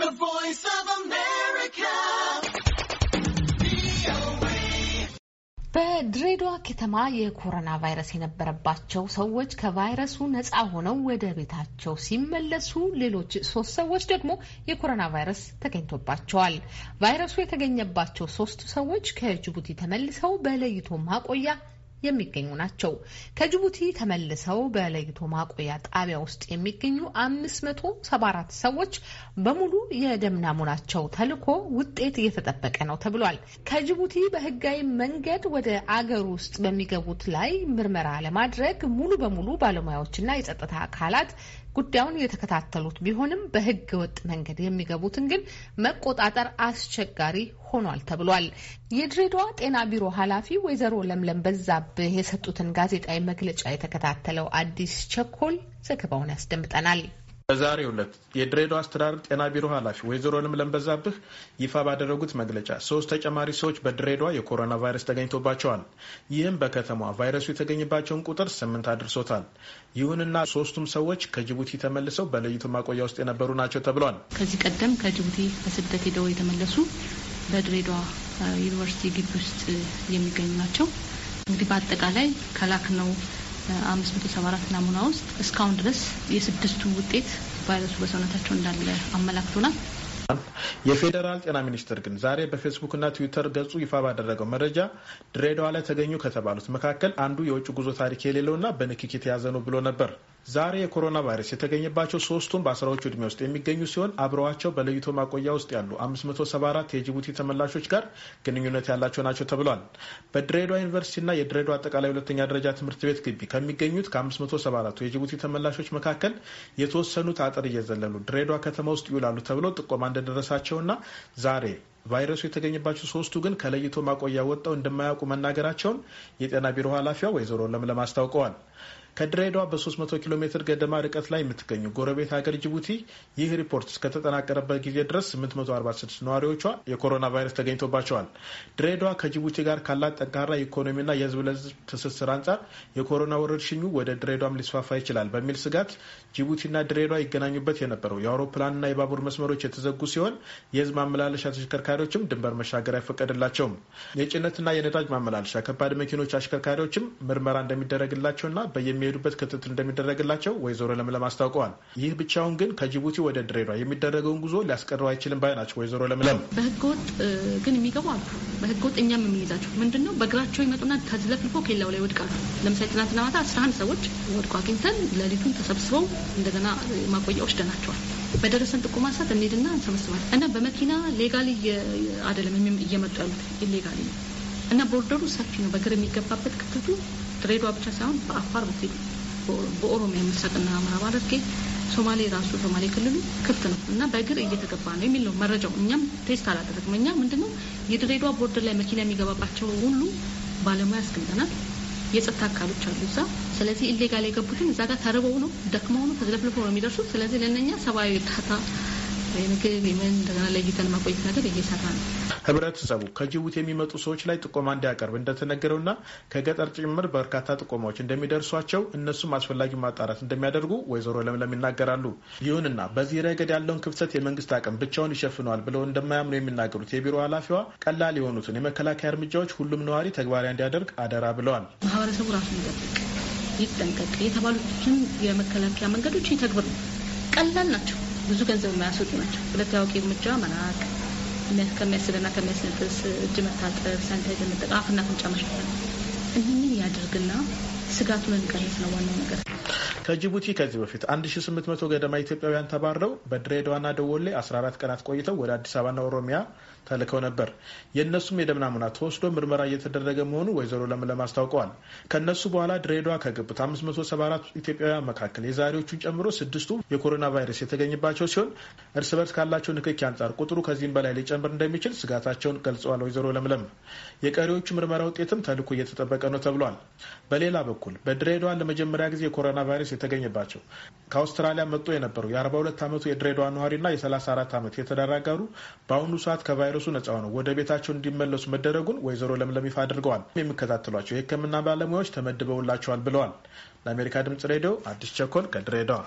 The Voice of America. በድሬዳዋ ከተማ የኮሮና ቫይረስ የነበረባቸው ሰዎች ከቫይረሱ ነፃ ሆነው ወደ ቤታቸው ሲመለሱ ሌሎች ሶስት ሰዎች ደግሞ የኮሮና ቫይረስ ተገኝቶባቸዋል። ቫይረሱ የተገኘባቸው ሶስቱ ሰዎች ከጅቡቲ ተመልሰው በለይቶ ማቆያ የሚገኙ ናቸው። ከጅቡቲ ተመልሰው በለይቶ ማቆያ ጣቢያ ውስጥ የሚገኙ 574 ሰዎች በሙሉ የደም ናሙናቸው ተልኮ ውጤት እየተጠበቀ ነው ተብሏል። ከጅቡቲ በህጋዊ መንገድ ወደ አገር ውስጥ በሚገቡት ላይ ምርመራ ለማድረግ ሙሉ በሙሉ ባለሙያዎችና የጸጥታ አካላት ጉዳዩን የተከታተሉት ቢሆንም በህገ ወጥ መንገድ የሚገቡትን ግን መቆጣጠር አስቸጋሪ ሆኗል ተብሏል። የድሬዳዋ ጤና ቢሮ ኃላፊ ወይዘሮ ለምለም በዛብህ የሰጡትን ጋዜጣዊ መግለጫ የተከታተለው አዲስ ቸኮል ዘገባውን ያስደምጠናል። በዛሬው ዕለት የድሬዳዋ አስተዳደር ጤና ቢሮ ኃላፊ ወይዘሮ ለምለም በዛብህ ይፋ ባደረጉት መግለጫ ሶስት ተጨማሪ ሰዎች በድሬዳዋ የኮሮና ቫይረስ ተገኝቶባቸዋል። ይህም በከተማዋ ቫይረሱ የተገኘባቸውን ቁጥር ስምንት አድርሶታል። ይሁንና ሶስቱም ሰዎች ከጅቡቲ ተመልሰው በለይቶ ማቆያ ውስጥ የነበሩ ናቸው ተብሏል። ከዚህ ቀደም ከጅቡቲ በስደት ሄደው የተመለሱ በድሬዳዋ ዩኒቨርሲቲ ግቢ ውስጥ የሚገኙ ናቸው። እንግዲህ በአጠቃላይ ከላክ ነው አምስት መቶ ሰባ አራት ናሙና ውስጥ እስካሁን ድረስ የስድስቱ ውጤት ቫይረሱ በሰውነታቸው እንዳለ አመላክቶናል። የፌዴራል ጤና ሚኒስቴር ግን ዛሬ በፌስቡክ እና ትዊተር ገጹ ይፋ ባደረገው መረጃ ድሬዳዋ ላይ ተገኙ ከተባሉት መካከል አንዱ የውጭ ጉዞ ታሪክ የሌለውና በንክኪት የተያዘ ነው ብሎ ነበር። ዛሬ የኮሮና ቫይረስ የተገኘባቸው ሶስቱም በአስራዎቹ ዕድሜ ውስጥ የሚገኙ ሲሆን አብረዋቸው በለይቶ ማቆያ ውስጥ ያሉ 574 የጅቡቲ ተመላሾች ጋር ግንኙነት ያላቸው ናቸው ተብሏል። በድሬዳዋ ዩኒቨርሲቲና የድሬዳዋ አጠቃላይ ሁለተኛ ደረጃ ትምህርት ቤት ግቢ ከሚገኙት ከ574 የጅቡቲ ተመላሾች መካከል የተወሰኑት አጥር እየዘለሉ ድሬዳዋ ከተማ ውስጥ ይውላሉ ተብሎ ጥቆማ እንደደረሳቸውና ዛሬ ቫይረሱ የተገኘባቸው ሶስቱ ግን ከለይቶ ማቆያ ወጥተው እንደማያውቁ መናገራቸውን የጤና ቢሮ ኃላፊዋ ወይዘሮ ለምለም አስታውቀዋል። ከድሬዳዋ በ300 ኪሎ ሜትር ገደማ ርቀት ላይ የምትገኘው ጎረቤት ሀገር ጅቡቲ ይህ ሪፖርት እስከተጠናቀረበት ጊዜ ድረስ 846 ነዋሪዎቿ የኮሮና ቫይረስ ተገኝቶባቸዋል። ድሬዳዋ ከጅቡቲ ጋር ካላት ጠንካራ የኢኮኖሚና የህዝብ ለህዝብ ትስስር አንጻር የኮሮና ወረርሽኙ ወደ ድሬዳዋም ሊስፋፋ ይችላል በሚል ስጋት ጅቡቲና ድሬዳዋ ይገናኙበት የነበረው የአውሮፕላንና የባቡር መስመሮች የተዘጉ ሲሆን የህዝብ ማመላለሻ ተሽከርካሪዎችም ድንበር መሻገር አይፈቀድላቸውም። የጭነትና የነዳጅ ማመላለሻ ከባድ መኪኖች አሽከርካሪዎችም ምርመራ እንደሚደረግላቸውና በየ የሚሄዱበት ክትትል እንደሚደረግላቸው ወይዘሮ ለምለም አስታውቀዋል። ይህ ብቻውን ግን ከጅቡቲ ወደ ድሬዳዋ የሚደረገውን ጉዞ ሊያስቀረው አይችልም ባይ ናቸው ወይዘሮ ለምለም። በህገወጥ ግን የሚገቡ አሉ። በህገወጥ እኛም የምንይዛቸው ምንድን ነው፣ በእግራቸው ይመጡና ተዝለፍልፎ ኬላው ላይ ወድቃሉ። ለምሳሌ ትናንትና ማታ አስራ አንድ ሰዎች ወድቆ አግኝተን ሌሊቱን ተሰብስበው እንደገና ማቆያ ወስደናቸዋል። በደረሰን ጥቁማ ሰዓት እንሄድና እንሰበስባለን እና በመኪና ሌጋሊ አይደለም እየመጡ ያሉት ኢሌጋሊ ነው እና ቦርደሩ ሰፊ ነው። በእግር የሚገባበት ክፍተቱ ድሬዳዋ ብቻ ሳይሆን በአፋር በፊት በኦሮሚያ ምስራቅና ምዕራብ ሐረርጌ ሶማሌ ራሱ ሶማሌ ክልሉ ክፍት ነው እና በእግር እየተገባ ነው የሚል ነው መረጃው። እኛም ቴስት አላደረግም። እኛ ምንድነው የድሬዳዋ ቦርደር ላይ መኪና የሚገባባቸው ሁሉ ባለሙያ አስቀምጠናል። የጸጥታ አካሎች አሉ እዛ። ስለዚህ ኢሌጋል የገቡትን እዛ ጋር ተርበው ነው ደክመው ነው ተዝለፍልፈው ነው የሚደርሱት። ስለዚህ ለነኛ ሰብአዊ እርዳታ የምግብ የምን እንደገና ለይተን ማቆየት ነገር እየሰራ ነው። ህብረተሰቡ ከጅቡቲ የሚመጡ ሰዎች ላይ ጥቆማ እንዲያቀርብ እንደተነገረውና ከገጠር ጭምር በርካታ ጥቆማዎች እንደሚደርሷቸው እነሱም አስፈላጊ ማጣራት እንደሚያደርጉ ወይዘሮ ለምለም ይናገራሉ። ይሁንና በዚህ ረገድ ያለውን ክፍተት የመንግስት አቅም ብቻውን ይሸፍነዋል ብለው እንደማያምኑ የሚናገሩት የቢሮ ኃላፊዋ ቀላል የሆኑትን የመከላከያ እርምጃዎች ሁሉም ነዋሪ ተግባራዊ እንዲያደርግ አደራ ብለዋል። ማህበረሰቡ ራሱ ይጠብቅ፣ ይጠንቀቅ የተባሉትን የመከላከያ መንገዶች ይተግብር ቀላል ናቸው። ብዙ ገንዘብ የማያስወጡ ናቸው። ሁለት ያውቅ እርምጃ መራቅ ከሚያስልና ከሚያስነጥስ እጅ መታጠብ፣ ሳኒታይዘር መጠቀም፣ አፍና አፍንጫ መሸፈን እህንን ያድርግና ስጋቱን እንቀንስ ነው ዋናው ነገር። ከጅቡቲ ከዚህ በፊት 1800 ገደማ ኢትዮጵያውያን ተባረው በድሬዳዋና ደወሌ 14 ቀናት ቆይተው ወደ አዲስ አበባና ኦሮሚያ ተልከው ነበር። የእነሱም የደም ናሙና ተወስዶ ምርመራ እየተደረገ መሆኑ ወይዘሮ ለምለም አስታውቀዋል። ከእነሱ በኋላ ድሬዳዋ ከገቡት 574 ኢትዮጵያውያን መካከል የዛሬዎቹን ጨምሮ ስድስቱ የኮሮና ቫይረስ የተገኘባቸው ሲሆን እርስ በርስ ካላቸው ንክኪ አንጻር ቁጥሩ ከዚህም በላይ ሊጨምር እንደሚችል ስጋታቸውን ገልጸዋል። ወይዘሮ ለምለም የቀሪዎቹ ምርመራ ውጤትም ተልኮ እየተጠበቀ ነው ተብሏል። በሌላ በኩል በድሬዳዋ ለመጀመሪያ ጊዜ የኮሮና ቫይረስ የተገኘባቸው ከአውስትራሊያ መጡ የነበሩ የ42 ዓመቱ የድሬዳዋ ነዋሪና የ34 ዓመት የተደራጋሩ በአሁኑ ሰዓት ከቫይ ከቫይረሱ ነጻ ሆነው ወደ ቤታቸው እንዲመለሱ መደረጉን ወይዘሮ ለምለም ይፋ አድርገዋል። የሚከታተሏቸው የሕክምና ባለሙያዎች ተመድበውላቸዋል ብለዋል። ለአሜሪካ ድምጽ ሬዲዮ አዲስ ቸኮል ከድሬዳዋ